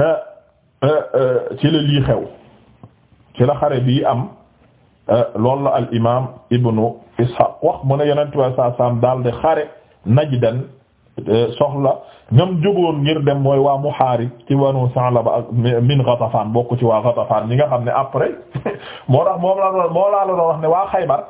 Euh, euh, euh, ci le lii xew ci la xare bi am loolu la al imaam ibnu Ishaq wax mu ne yonent bi sallallahu alayhi wasallam daal di xare Najdan Euh, soxla ñam jógoon ngir dem mooy waa Muhaarib ci wanu Sa'laba ak min Ghatafaan bokk ci waa Ghatafaan ñi nga xam ne après moo tax moom la moo laa la wax ne waa Xaybar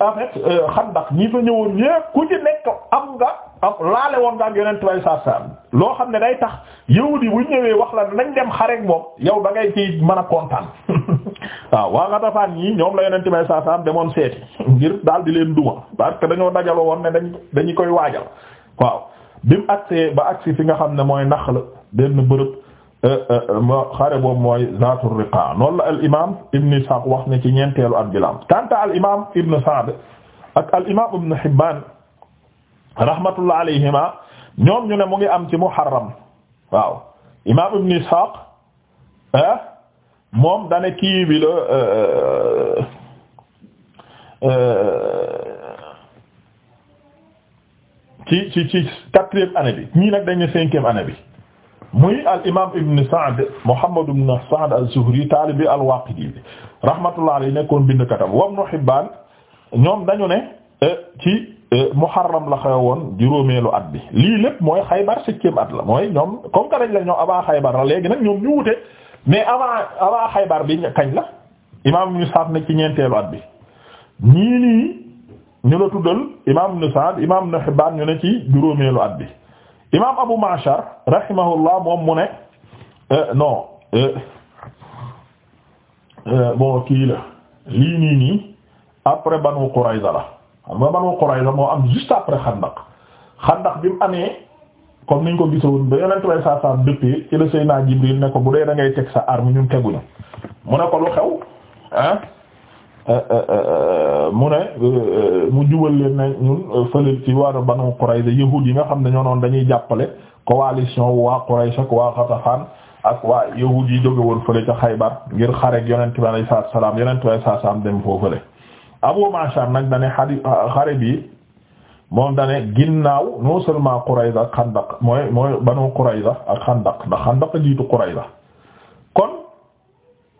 en fait euh, Xandaq ñi fa ñëwoon ñépp ku ci nekk am nga am laale woon nga ak Yonent bi saa saa loo xam ne day tax yahuudi bu ñëwee wax la nañ dem xare ak moom yow da ngay ci mën a kontaan waaw waa Ghatafaan ñi ñoom la Yonent bi saa saa demoon seeti ngir daal di leen duma parce que dañoo dajaloo woon koy waajal. waaw bi mu agsee ba agsi fi nga xam ne mooy Naxl benn bërëb euh, euh, xare boobu mooy Zaatur Riqaa noonu la al imaam Ibn Ishaq wax ne ci ñeenteelu at bi la am kanta al imaam Ibn Sa'd ak al imaam Ibn Hibbaan rahmatullah alayhima ñoom ñu ne mu ngi am ci Muharram waaw imaam Ibn ah, ci ci ci quatrième année bi ñii nag dañ ne cinquième année bi muy al imaam Ibn Saad Muhammad ibn Saad az-Zuhri taalibi al-Waaqidi bi rahmatullah alayhi nekkoon bind bindkatam wa Ibn Hibbaan ñoom dañu ne eh, ci eh, Muharram la xewoon juróomeelu at bi lii lépp mooy Xaybar septième at la mooy ñoom comme que dañ la ñoom avant Xaybar la léegi nag ñoom ñu wute mais avant avant Xaybar bi kañ la imaam Ibn Saad ne ci ñeenteelu at bi ñii nii ñu la tuddal imaam ibn Sa'd imaam ibn Hibbaan ñu ne ci juróomeelu at bi imaam Abu Ma'shar rahimahullah moom mu ne euh, non euh, euh, bon kii la lii nii nii après Banu Qurayza la xam nga Banu Qurayza moo am juste après Xandaq Xandaq bi mu amee comme niñ ko gisoon ba Yonent bi saa saa dëppee ci la Seydina Jibril ne ko bu dee da ngay teg sa arme ñun teguñu mu ne ko lu xew Euh, euh, euh, mu ne mu jubal leen na ñun fële ci waa Banu Qurayza yahuud yi nga xam ne ñoo noonu dañuy jàppale coalition waa Quraysh ak waa Ghatafan ak waa yahuud yi jóge woon fële ca Xaybar ngir xare ak Yonent bi alayhi salaatu wa salaam Yonent bi alayhi salaatu wa salaam dem foofule. Abu Ma'shar nag dane xadi xare bi moom dane ginnaaw non seulement Qurayza ak Xandaq mooy mooy Banu Qurayza ak Xandaq ndax Xandaq jiitu Qurayza kon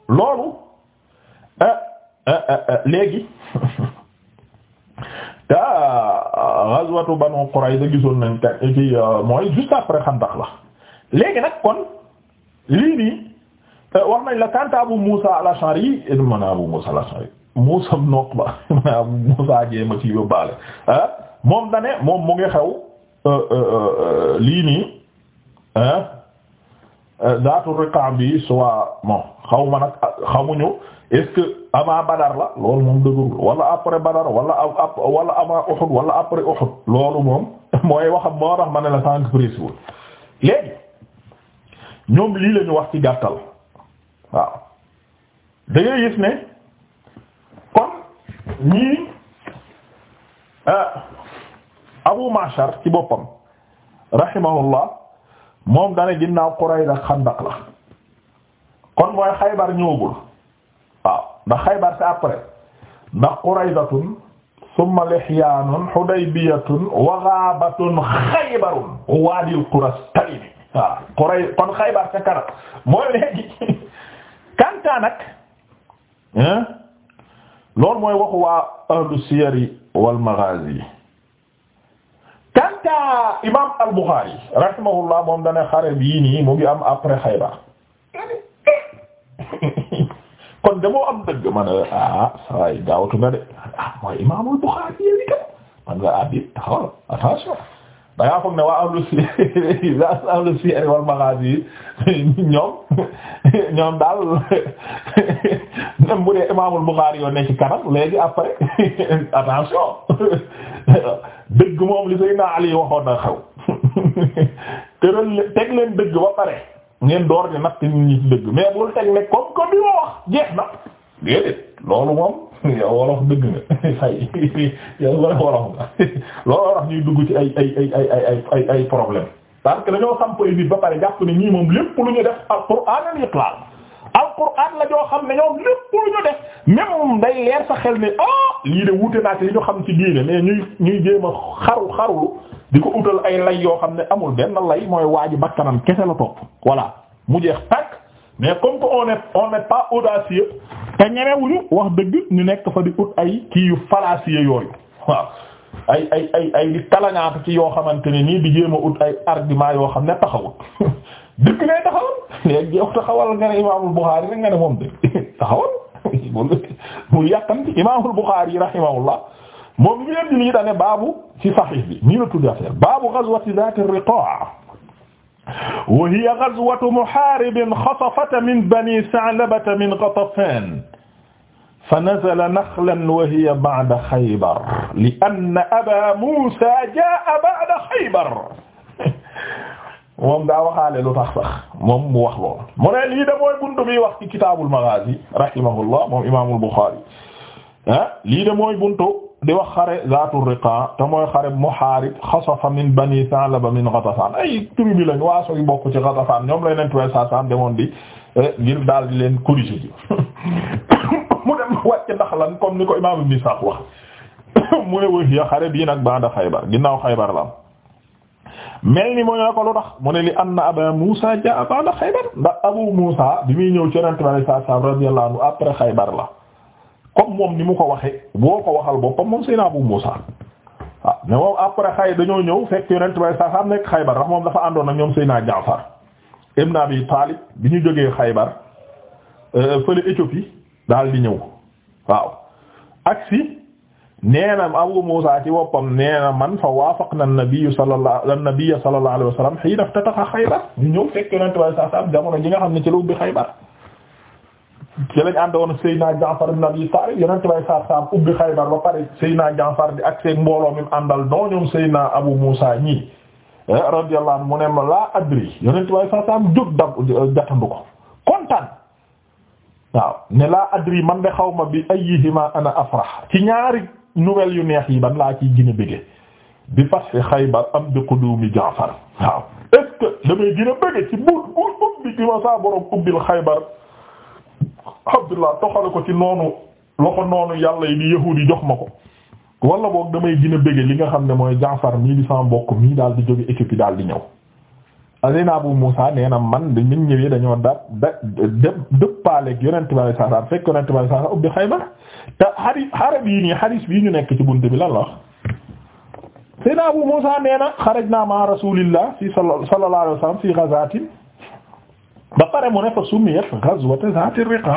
loolu. Euh, euh, euh, léegi te ghazwatu Banu Qurayza gisoon nañ ka ci juste après Xandaq la léegi nag kon lii nii wax nañ la kanta Abu Musa al-Ash'ari yi mën a Abu Musa al-Ash'ari Musa ibn Uqba mën ci yóbbaale moom dane moom mu ngi xew lii nii zaatu euh, riqa bi soit bon xaw ma nag xamuñu est-ce que avant Badar la loolu moom dëgërul wala après Badar wala ap wala wala après Uhud loolu moom mooy waxam moo tax ma ne la sànq prise wul léegi ñoom lii la ñu wax ci gàttal waaw ne kon ñii euh, Abu Mashar ci boppam moom dana ginnaaw Qurayza ak Xandaq la kon mooy Xaybar ñëwagul waaw ndax Xaybar c'est après ndax Qurayzatun summa Lihyaanun Hudaybiyatun wa Ghaabatun Xaybarun Waadil Qurastalini waaw Qurayza kon Xaybar ca kanam mooy léegi kanta nag loolu mooy waxu waa ahlu siyari wal maghaazi kanta al-Bukhari rahimahullah moom dana xare bii nii mu ngi am après Xaybar kon damoo am dëgg man a ah, sawaay gaawatu nga de ah mooy al-Bukhari yow itam man nga abit ah, taxawal attention da ngaa foog ne waa ahlu siyar ahlu siyar wal maghazi ñoom ñoom daal même bu ne ci kanam léegi après attention dëgg moom li Seydina Ali waxoon na xew tëral teg leen dëgg ba pare ngeen door di natt nit ñi dëgg mais bul teg ne comme que bi ma wax jeex na déedéet loolu moom. yow wolof dëgg nga fay yow wala ñuy dugg ci ay ay ay ay ay ay ay problème parce que dañoo xam nit ba pare jàpp ne ñii moom lépp lu ñu def alquran al la joo xam ne ñoom lépp lu ñu def même day leer sa xel ne ah lii de wuute naak li ñu xam ci diine mais ñuy ñuy jéem a xaru xarulu di ko utal ay lay yoo xam ne amul benn lay mooy waa ji bakkanam kese la topp voilà mu jeex mais comme que on est on n'est pas audacieux te ñemewuñu wax dëgg ñu nekk fa di ut ay kii yu fallacieux yooyu waaw ay ay ay ay di talañaatu ci yoo xamante ne nii di jéem ut ay argument yoo xam ne taxawut dëgg ngay taxawal léegi yow taxawal nga ne imaamul Buxaari rek nga ne moom dëgg taxawal mu yàqanti imaamul Buxaari rahimahullah moom ñu leen di lii dane baabu ci saxiix bi nii la tuddi affaire baabu ghazwati zaati riqaa wa hiya ghazwatu muhaaribin xasafata min bani sa'labata min ghatafaan fa nazala naxlan wa hiya ba'da xaybar li anna abaa muusaa jaa'a ba'da xaybar moom daa waxaale lu tax sax moom mu wax lool mu ne lii da mooy buntu bi wax ci kitaabul maghaazi rahimahullah moom imaamul buxaari ah lii da mooy buntu. di wax xare zaatu riqa te mooy xare muhaarib xasafa min bani Sa'laba min Ghatafan ay tribu lañ waaso yu bokk ci Ghatafan ñoom lay leen tuway sa demoon di eh, ngir daal di leen corriger ji mu dem wàcc ndax lan comme ni ko imam ibn Sa'd wax mu ne wëx xare bii nag baada Xaybar ginnaaw Xaybar la am mel ni mu ne ko lu tax mu ne li anna Aba Muusa jaa baada Xaybar ndax Abu Muusa bi muy ñëw ci Yonent bi sallallahu alayhi wa sallam après Xaybar la comme moom ni mu ko waxee boo ko waxal boppam moom Seydina Abu Muusa waaw ah mais moom après xay dañoo ñëw fekk Yonent bi saa am nekk Xaybar ndax moom dafa àndoon a ñoom Seydina Jaafar ibn Abi Taalib bi ñu jógee Xaybar euh, fële Éthiopie daal di ñëw waaw aksi nee na Abu Muusa ci boppam nee na man fa waafaqna an-nabiyyu sallallahu an-nabiyya sallallahu alayhi wa sallam hiina iftataha Xaybar ñu ñëw fekk Yonent bi saa am ji nga xam ne ci la ubbi Xaybar ci lañ ànd woon Seydina Jaafar ibn Abi Taalib yonent bay saar saam ubbi Xaybar ba pare Seydina Jaafar di ak seen mbooloo mi àndal doo ñoom Seydina Abu Muusa ñii eh, radiyallahu anhu mu ne ma laa adri yonent bay saar saam jóg dab jatandu ko kontaan waaw ne laa adri man de xaw ma bi ayyihima ana afrah ci ñaari nouvelle yu neex yi ban laa ciy gën a bëgge bi fathi Xaybar am bi qudumi Jaafar waaw est damay gën bëgge ci buut buut buut bi ma saa borom ubbil Xaybar Abdullah toxale ko ci noonu loxo noonu yàlla yi di yahuud yi jox ma ko wala boog damay gën a bëgge li nga xam ne mooy Jaafar mii di sama mbokk mii daal di jóge Éthiopie daal di ñëw Azina Abu Musa nee na man dañ min ñëwee dañoo da da dëppaaleeg yonent bi sallallahu alayhi wasallam fekk yonent bi sallallahu alayhi wasallam ubbi Xaybar te xari xare bii nii xaris bii ñu nekk ci bunt bi lan la wax Musa nee na xarajna ma Rasulillah fi sallallahu alayhi wasallam fi ghazatin ba pare mu ne fa summiyat ghazwat zaat riqa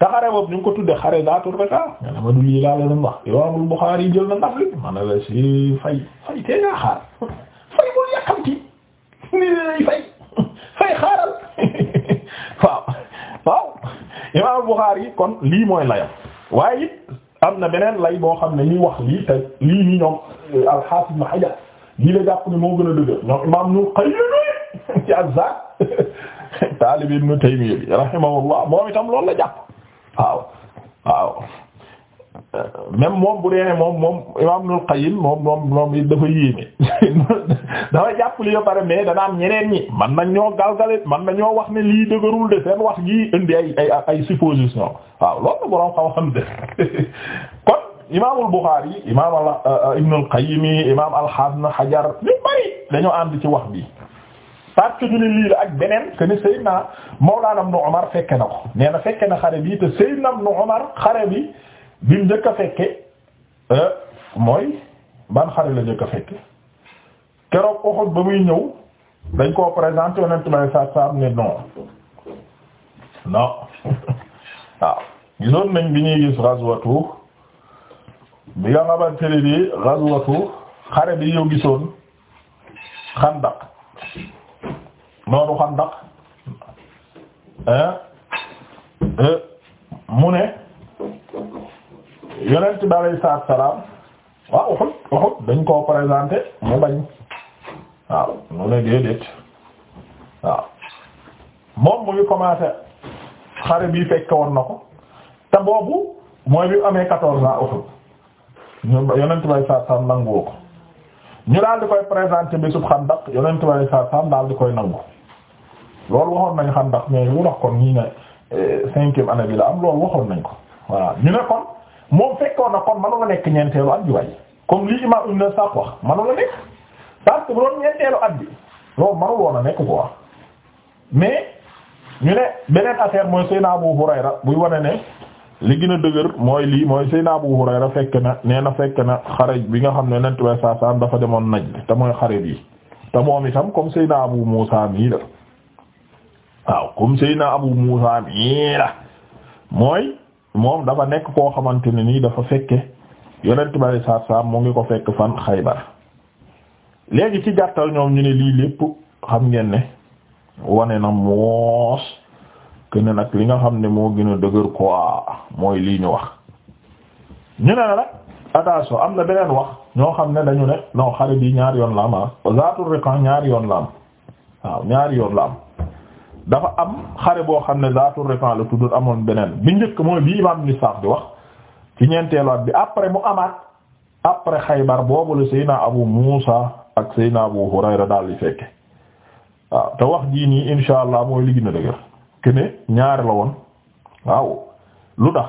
te xare boobu ko tudde xare zaatu riqa nga ne ma du lii laa la na ndax li ma ne fay fay tee ngaa fay bul yàkkamti ni fay fay xaaral waaw waaw imaamul Buxaari kon lii mooy layam waaye am na beneen lay boo xam ne ñuy wax lii te lii ñi ñoom euh, al-Hafiz Ibn Hajar lii la jàpp ne moo gën a dëgër ñoom imaam ñu xëy na ci taalib ibnu Taymiyya bi rahimahullah moom itam loolu la jàpp waaw waaw même moom bu dee ne moom moom imaam Ibnul Qayyim moom moom moom dafa yéeme dafa jàpp li ba pare mais dana ñeneen ñi man nañ ñoo man nañoo wax ne lii dëgërul de seen wax gi indi ay ay ay supposition waaw loolu la boroom xam-xam de kon imaamul Buxaari imaam Ibnul Qayyim imaam al-Hasan Hajar ñu bari dañoo ànd ci wax bi parce que ñu ne lii la ak beneen que ne Seydina Mawlana Ibn Umar fekke na ko nee na fekke na xare bi te Seydina Ibn Umar xare bi bi mu njëkk a fekke euh, mooy ban xare la njëkk a fekke keroog Uhud ba muy ñëw dañ koo présenté bay sa sam ne non non waaw gisoon nañ bi ñuy gis ghazwatu bi nga xamante ne nii ghazwatu xare bi yow gisoon Xandaq noonu xandaq euh, mu ne yonent bi alayhi salaam waaw Uhud Uhud dañ koo présenté mu bañ waaw mu moom mu ngi commencé xare bi fekke woon na ko te boobu mooy bi amee quatorze ans Uhud ñu yonent bi alayhi salaatu salaam nanguwoo ko ñu daal di koy présenté bésub xandaq yonent bi alayhi salaam daal di koy nangu loolu waxoon nañ xam ndax mais lu tax kon ñii ne euh, cinquième année bi la am loolu waxoon nañ ko voilà ñu ne kon moom fekkoon na kon manu la nekk ñeenteelu at bi waaye comme li imam Ibn Sa'd wax manu at bi loolu manu nekk quoi mais ñu ne beneen affaire mooy Seydina Abu Hurayra buy wane ne li gën a dëgër mooy lii mooy bu Abu ra fekk na nee na fekk na xare bi nga xam ne Yonent bi sallallahu alayhi dafa demoon Najd te mooy xare bi te moom itam comme Seydina Abu Muusa mii la waaw comme Seydina Abu Muusa mii la mooy moom dafa nekk koo xamante ne nii dafa fekke yonent bari saat saam mu ngi ko fekk fan Xaybar léegi ci gàttal ñoom ñu ne lii lépp xam ngeen ne wane na moos kene nag li nga xam ne moo gën dëgër quoi mooy lii ñu wax ñu ne nag attention am na beneen wax ñoo xam ne dañu ne non xare bi ñaari yoon la am ah zaatu riqan ñaari yoon la am waaw ñaari yoon la am dafa am xare boo xam ne zaatu rifan la tuddul amoon beneen bi njëkk mooy bi imam ibn Sa'd bi wax ci ñeenteelu at bi après mu amaat après Xaybar boobu la Seydina Abu Muusa ak Seydina Abu Hurayra daal di fekke waaw te wax jii nii insha allah mooy li gën a dëgër ke ñaari la woon waaw lu tax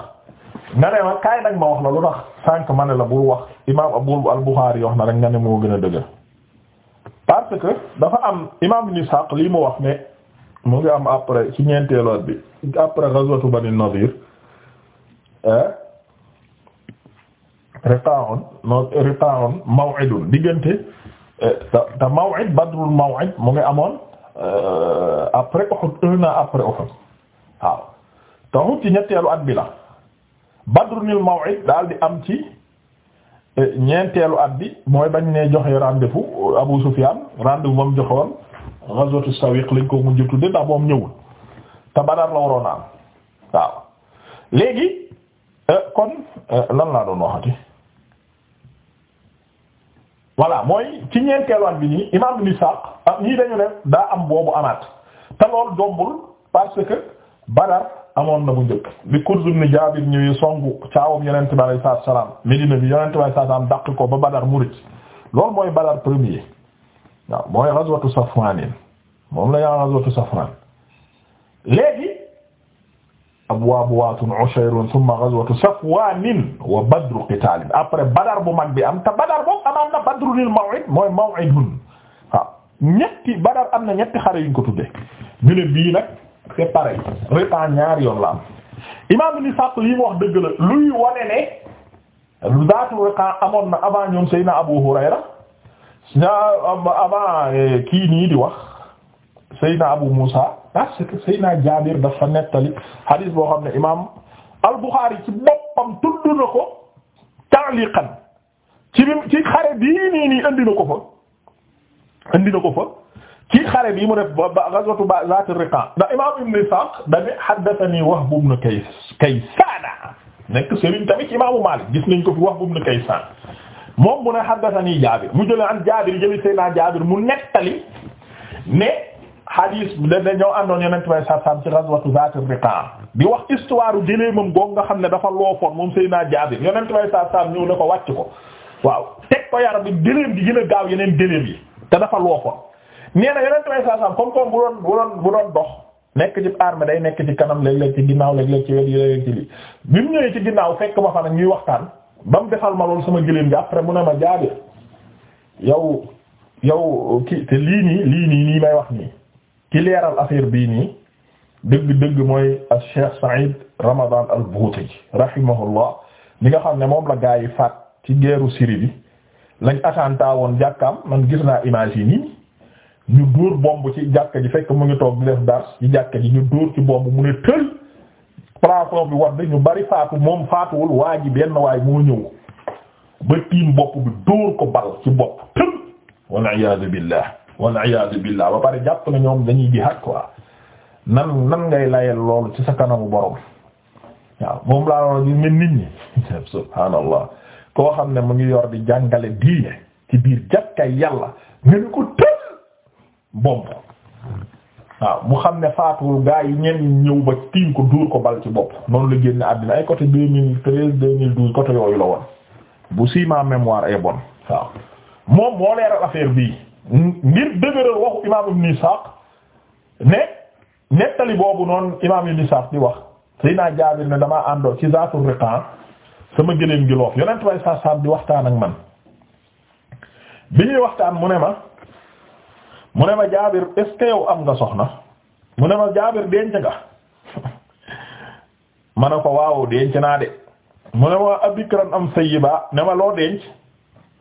nga ne ma kaay nag ma wax la lu tax sànq ma la bul wax imam Abu al-Bukhari wax na rek nga ne moo gën a dëgër parce que dafa am imam ibn lii mu wax ne mu ngi am après ci ñeenteelu at bi après ghazwatu Bani Nadir ah, riqa'un no eh, mu ngi amoon eh, après Uhud un après Uhud waaw te Uhud ci ñetteelu at bi la badrunil maw'id daal di am ci eh, ñeenteelu at bi mooy bañ ne joxe rendez Abu Sufyan rendez-vous ba ghazwatu sawiq lañ ko mujj tudde ndax moom ñëwul te Badar la waroon a am waaw léegi euh, kon euh, lan laa doon waxati voilà mooy ci ñeenteelu at bi nii imaam Ibn Ishaq ah, dañu ne daa am boobu amaat te lool jombul parce que Badar amoon na bu njëkk bi Kurz ibn Jaabir ñëwee songu caawam Yonent bi alayhi salaam Medina bi Yonent bi alayhi salaam dàq ko ba Badar mu rëcc loolu mooy Badar premier. waaw mooy ghazwatu Safwaanin moom la yaa ghazwatu Safwaan léegi abwaabu waatun ushayrun thumma ghazwatu Safwaanin wa badru qitaalin après badar bu mag bi am te badar boobu amaan na badrul maw'id mooy maw'idun waaw ñetti badar am na ñetti xare yuñ ko tuddee ñu ne bii nag c'est pareil repas ñaari yoon la am imaam Ibn Isaaq li mu wax dëgg la luy wone ne zaatu riqa amoon na avant ñoom Seydina Abu Hurayra avant eh, kii nii di wax Seydina Abu Musa parce que Seydina Jaabir dafa nettali hadith boo xam ne imaam al-Bukhari ci boppam tudd na ko ta'liqan ci ci xare bii nii nii andi na ko fa andi na ko fa ci xare bii mu def ba ghazwatu Zaat a riqa da imaam Ibn Isaaq da ne haddathanii Wahb ibn Kays Kaysaan gis nañ ko fi Wahb ibn Kaysaan moom mu ne haddathani Jaabir mu jëlee an Jaabir jëli Seydina Jaabir mu nettali ne hadis da dañoo àndoon Yonent bi saa saam ci ghazwatu Zaat ar-Riqaa di wax histoire gëléemam goog nga xam ne dafa loofoon moom naa Jaabir Yonent bi saa saam ñëw na ko wàcc ko waaw teg ko yar bi gëléem di yeneen gëléem yi te dafa loofoon nee na Yonent bi saa saam comme comme bu doon bu doon bu doon day nekk ci kanam léeg-léeg ci ginnaaw léeg-léeg ci wet yi léeg ci bi mu ñëwee ci ginnaaw fekk ma fa ñuy waxtaan ba mu defal ma lool sama gëléem gi après mu ne ma Jaabir yow yow ki te lii nii lii nii nii may wax nii ki leeral affaire bii nii dëgg-dëgg mooy Cheikh Saïd Ramadan al-Bouti rahimahullah mi nga xam ne moom la gaa yi faat ci geeru siri bi lañ attentat woon jàkkaam man gis naa image yi ñu dóor bomb ci jàkka ji fekk mu ngi toog di def ci jàkka ji ñu dóor ci bomb mu ne tël plafond bi wadd ñu bari faatu moom faatuwul waa ji benn waay moo ñëw ba tiim bopp bi dóor ko bal ci bopp tëm wal iyaadu billah wal iyaadu billah ba pare jàpp na ñoom dañuy jihaad quoi nan nan ngay layel loolu ci sa kanamu borom waaw moom laa loolu ñu mel nit ñi subhaanallah koo xam ne mu ngi yor di jàngale diine ci biir jàkkay yàlla nga ne ko tël bomb waaw mu xam ne faatuwul gaa yi ñenn ñëw ba tiim ko duur ko bal ci bopp noonu la génne àddina ay côté deux mille treize deux mille douze côté yooyu la woon bu si ma mémoire est bonne waaw moom moo leeral affaire bii ngir dëgëral waxu imaam Ibn Ishaq ne nettali boobu noonu imaam Ibn Ishaq di wax Seydina Jaabir ne damaa àndoo ci Zaatu Riqaa sama gëléem gi loof yonent way sa sam di waxtaan ak man bi ñuy waxtaan mu ne ma mu ne ma jaabir est am nga soxna mu ne ma jaabir denc nga ma ne ko waaw denc naa de mu ne ma abikran am sayyiba ne ma loo denc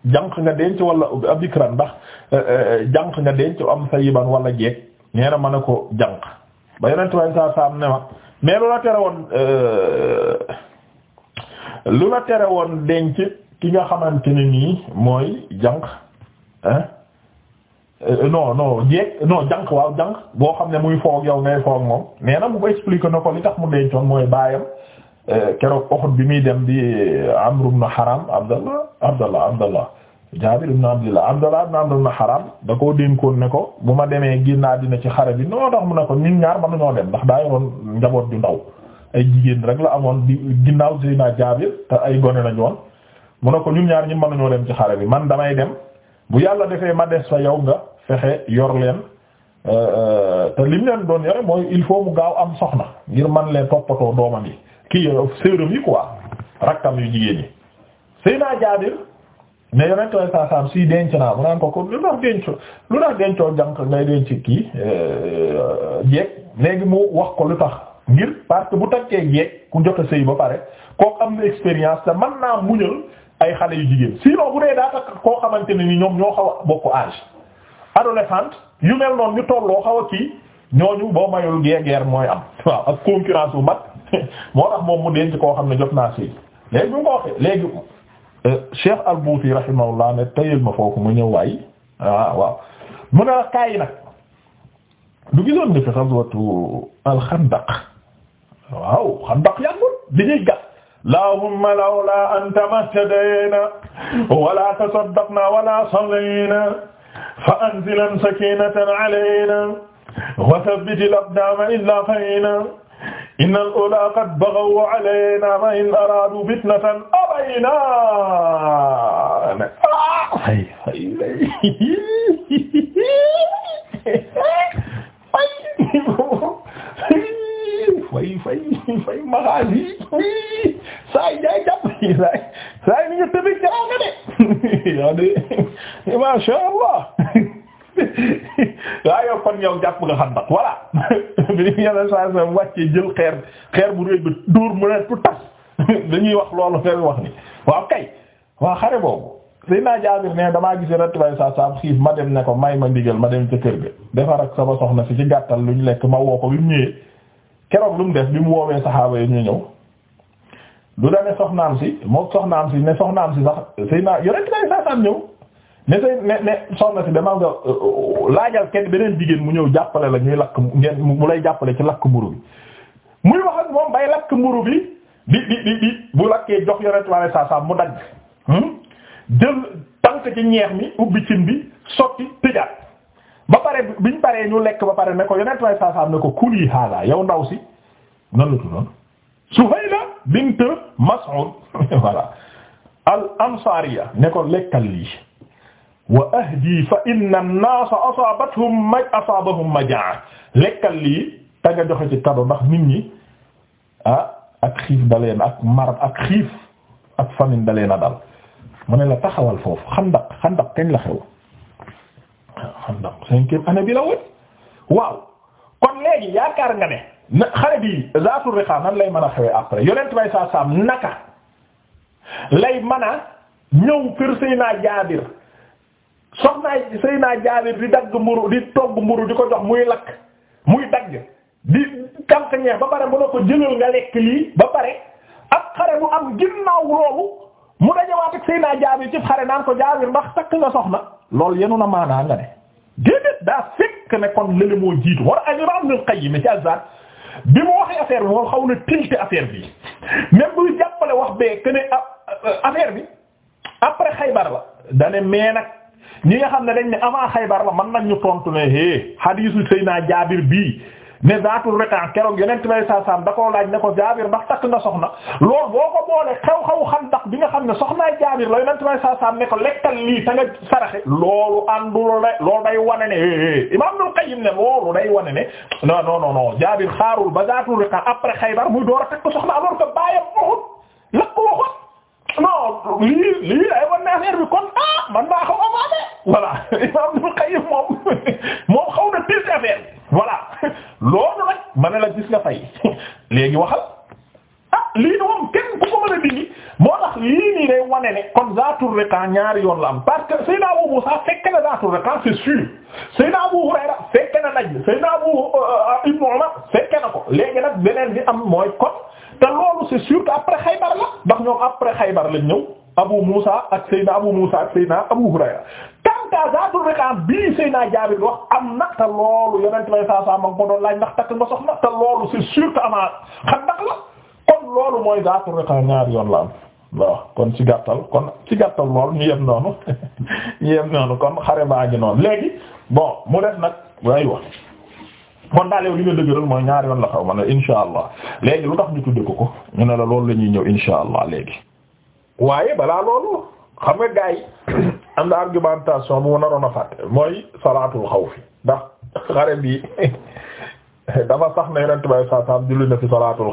jànq nga denc wala abikran ndax eh, eh, eh, jànq nga denc am sayyiban wala jeeg nee na ma ne ko jànq ba yeneen tubaab saa saa ne ma mais lu la tere woon lu la tere woon denc ki nga xamante ni nii mooy jànq ah. no euh, euh, no jeeg non waaw jànq boo xam ne muy foog yow ngay foog moom nee na mu ko expliqué na ko li tax mu dencoon mooy baayam euh, keroog Uhud bi muy dem di Amr ibn Haram Abdallah Abdallah Abdallah Jaabir ibn Abdallah Abdallah ibn Amr ibn Haram da koo dénkoon ne ko bu ma demee ginnaaw dina ci xare bi noo tax mu ne ko ñun ñaar mën nañoo dem ndax daa yoroon njaboot ju ndaw ay jigéen rek la amoon di ginnaaw naa Jaabir te ay gone lañu woon mu ne ko ñun ñaar ñi mën nañoo dem ci xare bi man damay dem. bu yàlla defee ma des fa yow nga fexe yor leen euh, euh, te lim leen doon yore mooy il faut mu gaaw am soxna ngir man leen toppatoo doomam yi kii euh, séeram yi quoi rakkam yu jigéen yi Seydina Jaabir ne yonent saasaam si denc naa mu naan ko ko lu tax denc lu tax dencoo jànk ngay denc kii jeeg léegi mu wax ko lu tax ngir parce bu takkee jeeg ku jot a sëy ba pare kooku am na expérience te mën naa muñal ay xale yu jigéen sinon bu dee daa takk koo xamante ne ni ñoom ñoo xaw a bokk âge adolescente yu mel noonu ñu tolloo xaw a kii ñooñu boo mayul geegeer mooy am waaw ak concurrence bu mag moo tax moom mu denc koo xam ne jot naa sëy léegi bu ñu ko waxee léegi euh, Cheikh ne tayel ma foofu mu ñëw waay waaw ah, waaw mu ne la nag du gisoon nga fi ghazwatu al-Khandaq waaw Khandaq yàggul dañuy gàtt allahumma lawla anta mahtadayna wala tasaddaqna wala sallayna fa anzilan sakinatan alayna wa thabbitil aqdama in laqayna inna al-ula qad baghaw alayna wa in aradu fitnatan abayna ay ay ay fay fay fay magaas yi saa yi jaay jàpp saa saa ni nga tëbi jaraw de masha Allah waa kon yow jàpp nga xam ndax voilà bi ñu yàlla saa saa wàccee jël xeer xeer bu rëy bi duur mu ne tu tas dañuy wax loolu xeer wax ni waaw kay waa xare boobu sëy naa Jaabir ne damaa gis yonent bi saa saa xiif ma dem ne ko may ma ndigal ma dem ca kër ga defar ak sama soxna si ci gàttal luñ lekk ma woo ko bi ñëwee keroog lu mu def bi mu woowee saxaaba yi ñu ñëw du la ne soxnaam si moo soxnaam si ne soxnaam si sax sëy naa yore saasaam ñëw ne say ne ne soxna si dama nga euh, euh, laajal kenn beneen jigéen mu ñëw jàppale la ñuy lakk ngeen mu lay jàppale ci lakk mburu bi muy wax moom bay lakk mburu bi di di di bu lakkee jox yonent lay saasaam mu dagg hmm? jël tànk ci ñeex mi ubbi cin bi sotti tëjaat ba pare biñ paree ñu lekk ba pare ne ko yonent way saasaam ne ko kuli hada yow ndaw si nan la bint Mas'ud voilà al ansariya ne ko lekkal lii wa ahdi fa inna an-naasa asaabathum ma majaa lekkal lii te nga joxe ci kado ndax nit ñi ah ak xiif daleen ak mar dal mu ne la taxawal foofu xandak xandak la xew xandaq cinquième année bi waaw kon léegi yaakaar nga ne na xare bi zaatul riqa lay man a xewee après yonent bay saa saam naka lay mën a ñëw kër Seyna Jaabir soxnaay Seyna Jaabir di dagg mburu di togg mburu di ko jox muy lakk muy dagg di tànk ñeex ba pare mën na ko jëlal nga lekk lii ba pare ak xare bu am ginnaaw loolu mu dajawaat ak Seydina Jaabir ci xare naan ko Jaabir ndax takk nga soxna loolu yenu na maanaa nga ne déedéet daa fekk ne kon lële moo jiitu war a Imaam Ibnul Qayyim ci Azzaad bi mu waxee affaire bi moom xaw na tilté affaire bi même buy jàppale wax bee ah, ah, bi après Xaybar la dane mais nag ñi nga xam ne dañ ne avant Xaybar la man nag ñu tontu ne é hadiisu Seydina Jaabir bii ne zaatul riqa keroog yonent bi sallallahu alayhi wasallam da koo laaj ne ko jaabir ndax takk nga soxna loolu boo ko boole xew-xew Xandaq bi nga xam ne soxnaay jaabir la yonent bi sallallahu alayhi wasallam ne ko lekkal lii ta nga saraxe loolu àndul ne day wane ne Imaam Ibnul Qayyim ne loolu day wane ne non non non non ba zaatul riqa après Xaybar muy door a takk soxna alors que bàyyam waxut la ko waxut non lii lii ay wan ne affaire bi kon ah man maa xaw amaane voilà Imaam Ibnul Qayyim moom moom xaw na tiis affaire voilà loolu nag ma la gis nga fay léegi waxal ah lii moom kenn ku ko mën a dindi moo tax lii nii day wane ne kon zaatul riqa ñaari yoon la am parce que Seydina Abu Muusaa fekk na zaatul riqa c'est sûr Seydina Abu Hurayra fekk na Najd Seydina Abu euh, Ibnu Umar fekk na ko léegi nag beneen bi am mooy kon te loolu c'est sûr que après Xaybar la ndax ñoom après Xaybar lañ ñëw Abu Muusaa ak Seydina Abu Muusaa ak Seydina Abu Hurayra kanta zaatul riqam bii Seydina Jaabir wax am na te loolu yonent may saa saa ma ko loolu c'est sûr que ama la kon loolu mooy zaatul riqam ñaari yoon la am kon ci gàttal kon ci gàttal lool ñu yem noonu ñu yem noonu kon xare baa ngi noonu léegi bon mu def nag way wax kon daal yow li nga dëgëral mooy ñaari yoon la xaw man ne insha allah léegi lu tax ñu tudde ko ko ñu ne la loolu la ñëw insha allah léegi waaye balaa loolu xam nga am na argumentation mooy salaatul xawfi ndax xare bi dafa sax na yonent bay saa julli na fi salaatul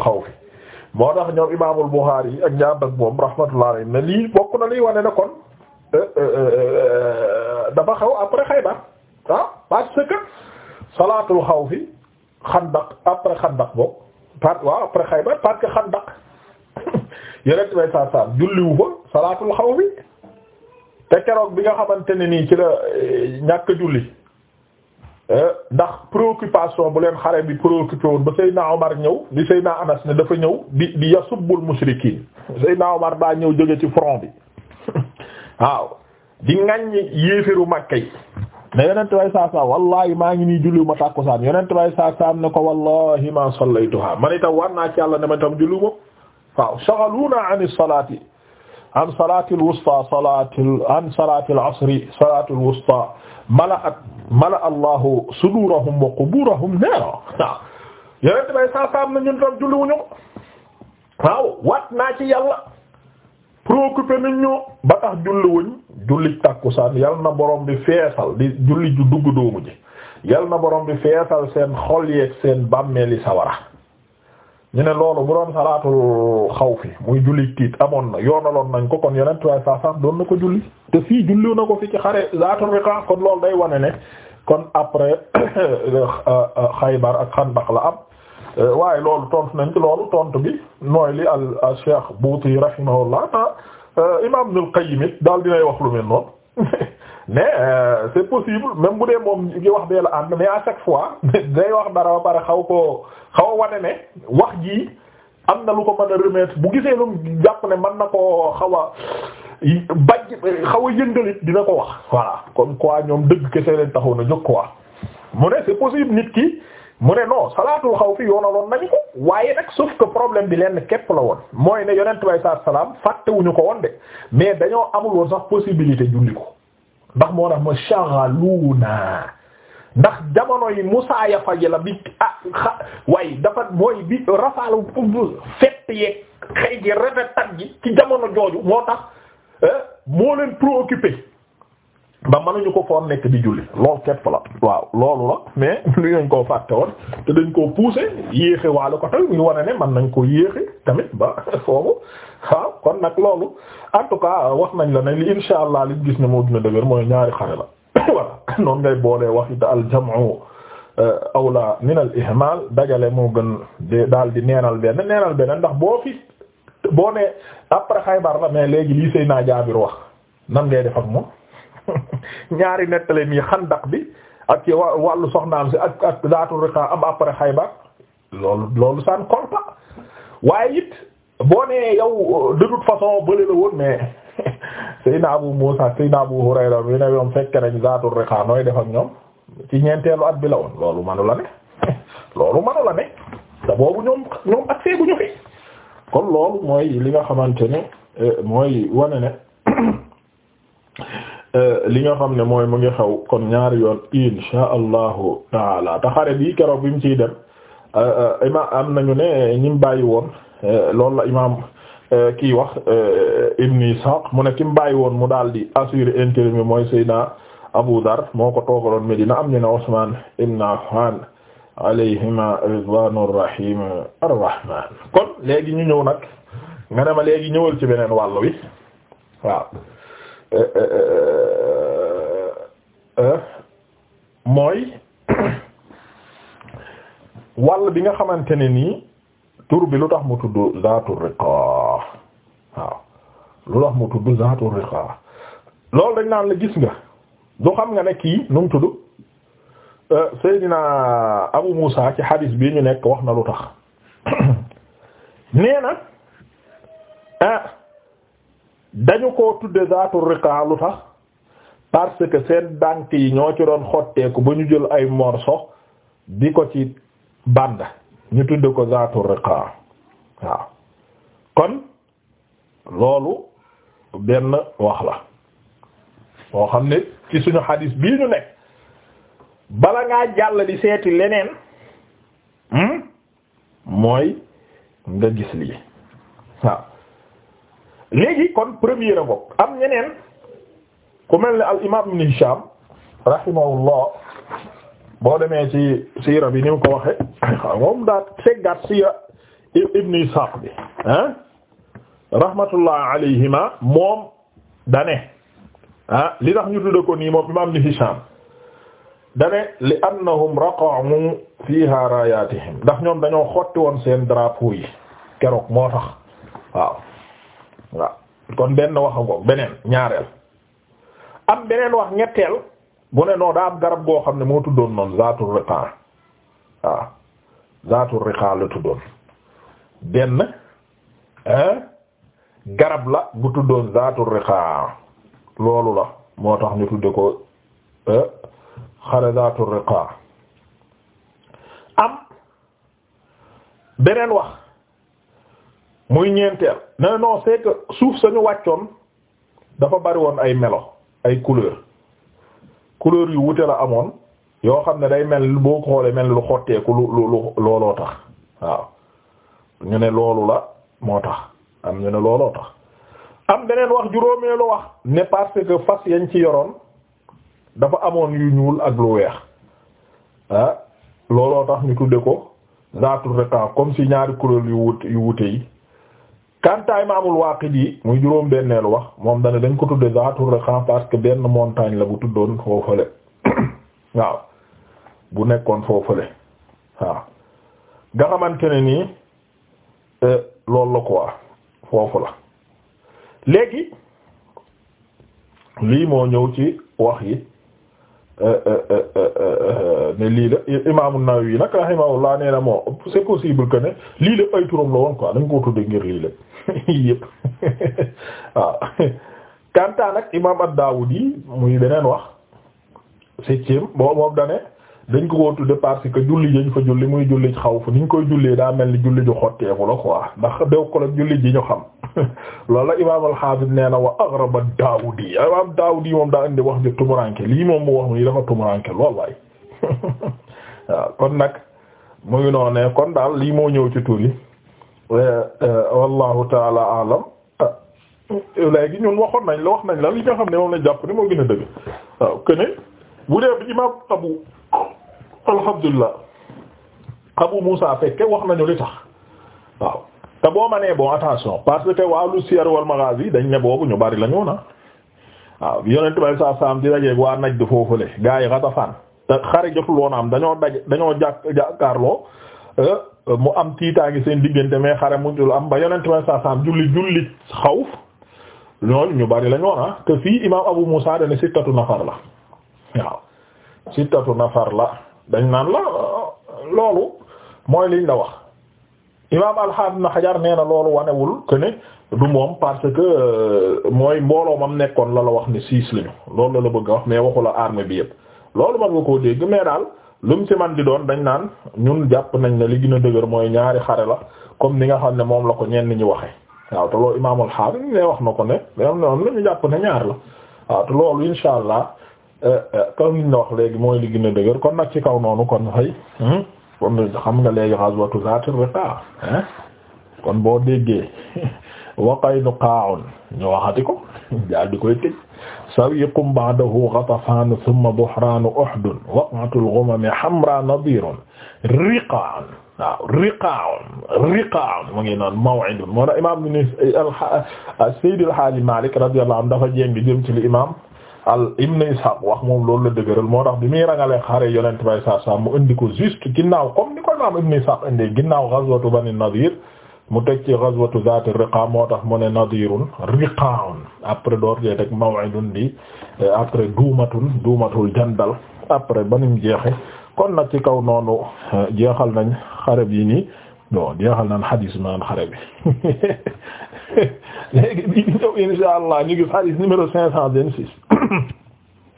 moo tax ñoom imaamul Buxaari yi ak ñaar ak moom rahmatullah alayhi ne lii bokk na lii wane euh, euh, euh, xaw après Xaybar ah parce que salaatul te keroog bi nga xamante ne nii ci la eh, ñàkk julli eh, ndax préoccupation bu leen xare bi préoccupé woon ba Seydina Omar ñëw di Seydina Anas ne dafa ñëw di di yasubbul mushrikiin Seydina Omar daa ñëw jóge ci front bi waaw di ŋaññi yéefiru Makka yi ne yonent bay saa saam wallahi maa ngi nii julliwu ma tàkkusaan yonent bay saa saam ne ko wallahi ma sallaytuha man itam war naa ci yàlla ne ma itam julliwu ma waaw shaghaluna anis salaati an salaatil wusta salaatil an salaatil asri salaatil wusta mala'at mala'a Allahu sudurahum wa quburahum naara waaw bay saa saam na ñun tam wat naa ci yàlla préoccupé nañ ñu ba julli tàkkusaan yal na borom bi feesal di julli ju dugg doomu ji yal na borom bi feesal seen xol yeeg seen bàmmeeli sawara ñu ne loolu bu doon xaw xawfi muy julli tiit amoon na yoonaloon nañ ko kon yeneen trois cent cent doon na ko julli te fii julli na ko fi ci xare zaatul riqa kon loolu day wane ne kon après xaybar ak xandaq la am waaye loolu tontu nañ loolu tontu bi nooy li al cheikh Buuti rahimahullah ta euh, imam Ibnul Qayyim it daal dinay wax lu mel noonu mais euh, c'est possible même bu dee moom gi wax dee la ànd mais à chaque fois day wax dara ba pare xaw ko xaw a wane ne wax ji am na lu ko mën a remettre bu gisee lu jàpp ne man na koo xaw a bajj xaw a yëngalit dina ko wax voilà comme quoi ñoom dëgg kese leen taxaw na jóg quoi mu ne c'est possible nit ki mu ne noo salaatul xaw fi yoonaloon nañu ko waaye nag sauf que problème bi lenn képp la woon mooy ne yonent bay saa salaam fàttewuñu ko woon de mais dañoo amul woon sax possibilité julli ko ndax moo tax ma shaghaluuna ndax jamono yi Musaa ya faji la bi ah xa waaye dafa mooy bi rafaalu fett yeeg xëy ji rafetat ji ci jamono jooju moo tax eh, moo leen préoccupé ba ñu ko foon nekk di julli lool képp la waaw loolu la mais lu nañ koo fàtte woon te dañ koo pousser yéexe waale ko tamit ñu wane ne man nañ ko yéexe tamit ba foofu waaw kon nag loolu en tout cas wax nañ la ne li insha allah liñ gis ne moo dina dëgër mooy ñaari xare la voilà noonu ngay boolee wax it al jam'u euh, awla min al ihmal dajale moo gën daal di neenal benn neenal benn ndax boo fi boo ne après Xaybar la mais léegi lii naa Jaabir wax nan ngay def ak moom ñaari nettaleem yi xandaq bi ak wàllu soxnaam si ak ak zaatu riqa am après xaybar loolu loolu san kolpa waaye it boo nee yow de toute façon bële la woon mais Seydina Abu Muusa Seydina Abu Hurayra bi ne ñoom fekk nañ zaatu riqa nooy def ak ñoom ci ñeenteelu at bi la woon loolu manu la ne loolu manu la ne te boobu ñoom ñoom ak see bu ñu fi kon loolu mooy li nga xamante ne eh, mooy wane ne Euh, li nga xam ne mooy mu ngi xaw kon ñaari yoon insha allahu taala te xare bi keroog bi mu ciy dem euh, euh, ima am nañu ne ñim bàyyi woon loolu la imaam kii wax Ibn Ishaq mu ne ki mu bàyyi woon mu daal di assurer intérim bi mooy Seydina Abu Dar moo ko toogaloon Medina am ñu ne Usman ibn Affan alayhima ridwanur rahim kon léegi ñu ñëw nag nga ne léegi ñëwal ci beneen wàll wi waaw Eh, eh, eh, mooy wàll bi nga xamante ne nii tur bi lu tax mu tudd zaatu riqaa waaw lu tax mu tudd zaatu riqaa loolu dañ naan la gis nga du xam nga ne kii nu mu tudd Seydina Abu Muusa ci hadis bi ñu nekk wax na lu tax nee na dañu ko tudde zaatu riqa lu tax parce que seen dànk yi ñoo ci doon xotteeku ba ñu jël ay morso bi ko ci band ñu tudde ko zaatu riqa waaw kon loolu benn wax la boo xam ne ci suñu xadiis bii ñu nekk bala ngaa jàll di seeti leneen hmm, mooy nga gis lii waaw léegi kon premier a bopp am ñeneen ku mel ni al imaam ibn Hisham rahimahullah boo demee ci siira bi ni mu ko waxe moom daa seggaat siira ibn Ishaq bi ah rahmatullah alayhima moom dane ah li tax ñu tudde ko nii moom imaam ibn Hisham dane li annahum raqa'u fiha rayatihim ndax ñoom dañoo xotti woon seen drapeau yi keroog moo tax waaw waaw kon benn wax a ngoog beneen ñaareel am beneen wax ñetteel bu ne noo daa am garab goo xam ne moo tuddoon noonu zaatul riqaa waaw zaatul riqaa la tuddoon benn garab la bu tuddoon zaatul riqaa loolu la moo tax ñu tudde ko xare zaatul riqaa am beneen wax muy ñeenteel non non c'est que suuf sañu wàccoon dafa bari woon ay melo ay couleur couleur yu wute la amoon yoo xam ne day mel boo xoolee mel lu xotteeku lu lu lu looloo tax waaw ñu ne loolu la moo tax am ñu ne looloo tax am beneen wax juróomeelu wax ne parce que fas yañ ci yoroon dafa amoon yu ñuul ak lu weex ah looloo tax ñu tudde ko zaatu riqa comme si ñaari couleur yu wute yu wute yi kanta imaamul Waaqidi muy juróom benneelu wax moom dana dañ ko tudde Zaatur Riqaa parce que benn montagne la bu tuddoon foofale waaw bu nekkoon foofale waaw nga xamante ne nii e, loolu la quoi foofu la léegi lii moo ñëw ci wax yi ne euh, euh, euh, lii la Imaam An-Nawawi nag rahimahullah nee na moom c'est possible que ne lii lépp ay turam la woon quoi dañ ko tudde ngir lii lépp waaw kanta nag Imaam Ad-Dawudi muy beneen wax septième boo moom dane dañ ko koo tudde parce que julli dañ fa julli muy julli xaw fu ni koy jullee daa mel ni julli ju xotteeku la quoi ndax dew ko la julli ji ñu xam loolu la imaam al-Hafiz nee na wa aghraba imaam moom daa indi wax ju tumuranke lii moom mu wax nii dafa tumuranke lool waay waaw kon nag mu ngi noonu ne kon daal lii moo ñëw ci tur yi eh, eh, wallahu taala alam eh, léegi ñun waxoon nañ la wax nañ la li nga xam ne moom la jàpp ni moo gën a dëgg waaw këne bu dee imaam abu alhamdulillah abu Musa fekke wax nañu li tax waaw te boo ma nee bon attention parce que wàllu siyar wal maghazi dañ ne boobu ñu bari la ñu na ah. waaw yonent bay saa saam di dajeeg waa naj du foofule gaa yi Ghatafan te xare jotul woon am dañoo daj dañoo jàkk jàkkaarloo euh, mu am tiitaangi seen diggante mais xare mujjul am ba yonent bay saa saam julli julli xawf ñooñu ñu bari la ñu na ah, te fii imaam Abu Musa dana sittatu nafar la waaw sittatu nafar la dañ naan la loolu mooy liñ la wax. imaam alxaam na xajar nee na loolu wanewul que ne du moom parce que euh, mooy mbooloo mam nekkoon la la wax ne six lañu loolu la la bëgg a wax mais waxu la armée bi yëpp loolu man nga koo dégg mais daal lu mu ci man di doon dañ naan ñun jàpp nañ ne li gën a dëgër mooy ñaari xare la comme ni nga xam ne moom la ko ñenn ñi waxee waaw te loolu imaamul xaam ne wax na ko ne am na ñu jàpp ne la waaw te loolu insha allah euh, euh, comme niñ wax léegi mooy li gën a dëgër kon nag ci kaw noonu kon xëy kon xam nga léegi ghazwatu zaati riqaa kon boo déggee waqaynuqaa'un ñu waxati ko daal di koy tëj sawiqun ba'dahu ghatafaan thumma buhraan uhud waq'atul ghumam hamraa nadiirun riqaa'un waaw riqaa'un riqaa'un mu ngi noon maw'idun moo na imaam Sayyid al-Haaji Maalik radiyallahu anhu dafa jéng jëm ci li imaam al Ibn Ishaq wax moom loolu la dëgëral moo tax bi muy rangale xare yonent bay saa saa mu indi ko juste ginnaaw comme ni ko imaam Ibn Ishaq indi ginnaaw ghazwatu Bani Nadir mu teg ci ghazwatu Zaat ar-Riqa moo tax mu ne nadirun riqa'un après door jee teg maw'idun di euh, après duumatun duumatul jandal après ba nim jeexe kon nag ci kaw noonu euh, jeexal nañ xare yi nii bon jeexal naan xadis bi naan xare bi léegi bii di ñëw insha allah ñu ngi xadis numéro cinq cent vingt-six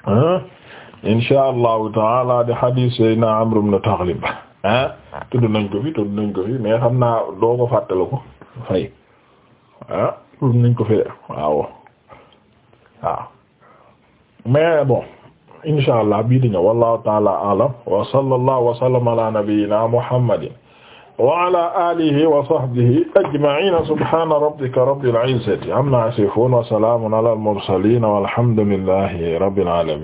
ah insha allahu taala di xadis Seydina Amr ibn Taghlib ah tudd nañ ko fi tudd nañ ko fi mais xam naa doo ko fàttali ko fay ah tudd nañ ko fi de waaw waaw mais bon insha allah bii di ñëw wallahu taala alam wa sallallahu wa sallama ala nabiyyina muhammadin wa ala alihi wa sahbihi ajma'ina subhana rabbika rabbil izzati amma yasifun wa salamun ala al mursalin walhamdulillahi rabbil alamin